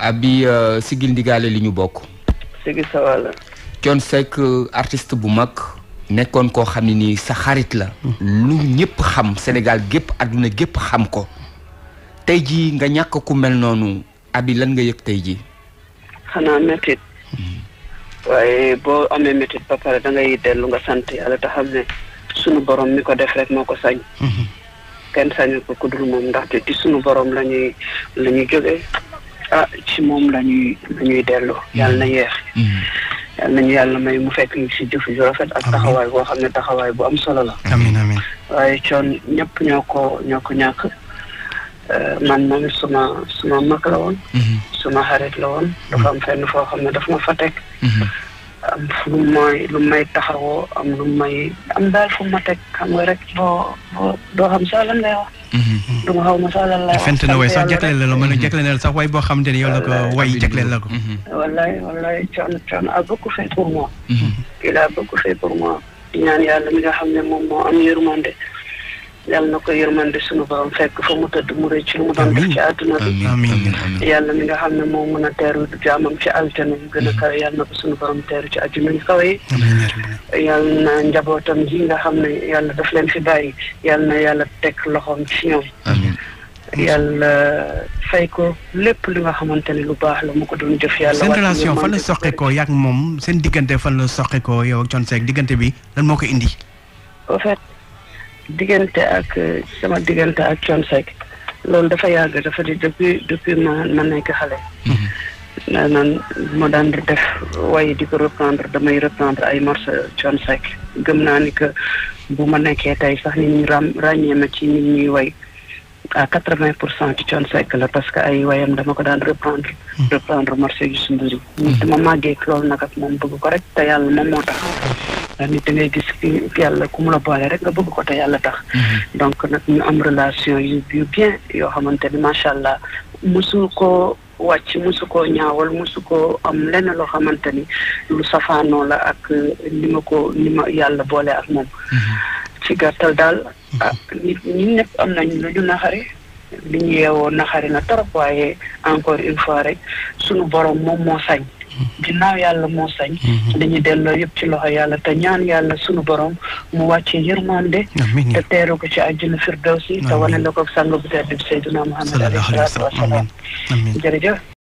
abi euh, sigil ndigaale li ñu bokk. sigil sa wàll. Thione Seck bu mag. nekkoon koo xam ne nii sa xarit la. lu ñépp xam Sénégal gépp àdduna gépp xam ko. tey jii nga ñàkk ku mel noonu abi lan nga yëg tey jii. xanaa métit. waaye boo amee métit ba pare da dellu nga sant yàlla te xam ne sunu borom mi ko def moo ko sañ. Mhm. kenn sañu ko ku dul moom ndaxte ci sunu borom la ñuy la a ah, ci moom la ñuy la ñuy dellu mm-hmm. yàlla na yeex mm-hmm. yàlla nañu yàlla may mu fekk ñu si jëf ju rafet ak taxawaay boo xam ne taxawaay bu am solo la amiin waaye coon ñëpp ñoo ko ñoo ko ñàkk eh, man moom suma suma mag la woon mm-hmm. suma xarit la woon dafa am fenn xam ne daf ma fa am fu may lu am lu may am daal fu ma teg xam nga rek boo boo doo xam sax lan lay wax. Mm-hmm. du ma xaw sax lan lay wax. fent na way sax jagleel la la mën a jagleel la sax way boo xam te ne yow la ko way jagleel la ko. Mm-hmm. wallaay wallaay coono coono a beaucoup fait pour moi. Mm-hmm. il a beaucoup fait pour moi. di ñaan yàlla mi nga xam ne moom moo am yërmande. yàlla na ko yërmande suñu borom fekk fa mu tëdd mu rëcc lu mu doon def ci àdduna bi yàlla mi nga xam ne moo mën a teeru jaamam ci aljana yu gën a mm-hmm. kawe na ko suñu borom teeru ci àdduna yu kawe yi yàlla na njabootam ji nga xam ne yàlla daf leen fi bàyyi yàlla na yàlla teg loxoom ci ñoom yàlla fay ko lépp li nga xamante ne lu baax la mu ko doon jëf yàlla. seen relation fan la soqe ko yaak moom seen diggante fan la soqe ko yow ak diggante bi lan moo ko indi. en fait diggante ak euh, sama diggante ak Thione Seck loolu dafa yàgg dafa di depuis depuis ma ma nekk xale. Mhm. naa naan ma daan def waaye di ko reprendre damay reprendre ay morceaux Thione Seck gëm naa ni que bu ma nekkee tey sax ni ñi ram ràññee ma ci ni ñuy way à quatre vingt pour cent ci Thione la parce que ay wayam dama ko daan reprendre. Mhm. reprendre morceaux yu Youssou Ndour yi. dama mhm. màggee moom bëgg ko rek te yàlla moom moo tax. nit da ngay gis yàlla ku mu la boole rek nga bëgg ko te yàlla tax. Mhm. donc nag ñu am relation yu yu bien yoo xamante ni macha allah mosu ko wàcc mosu koo ñaawal mosu ko am lenn loo xamante ni lu safaanoo la ak ni ma ko ni ma yàlla boole ak moom. Mhm. ci gàttal daal. Mhm. ah nit ñi ñëpp am nañ lu ñu naxare. li ñu yeewoo naxari na trop waaye encore une fois rek sunu borom moom moo sañ. ginnaaw yàlla moo sañ mhm. dañuy delloo yëpp ci loxo yàlla te ñaan yàlla sunu borom mu wàccee yërmande te teeru ko ci àjjana firdawsi te wane la ko sang bu tedd bi Seydina Muhammad alayhi salaatu wasalaam jërëjëf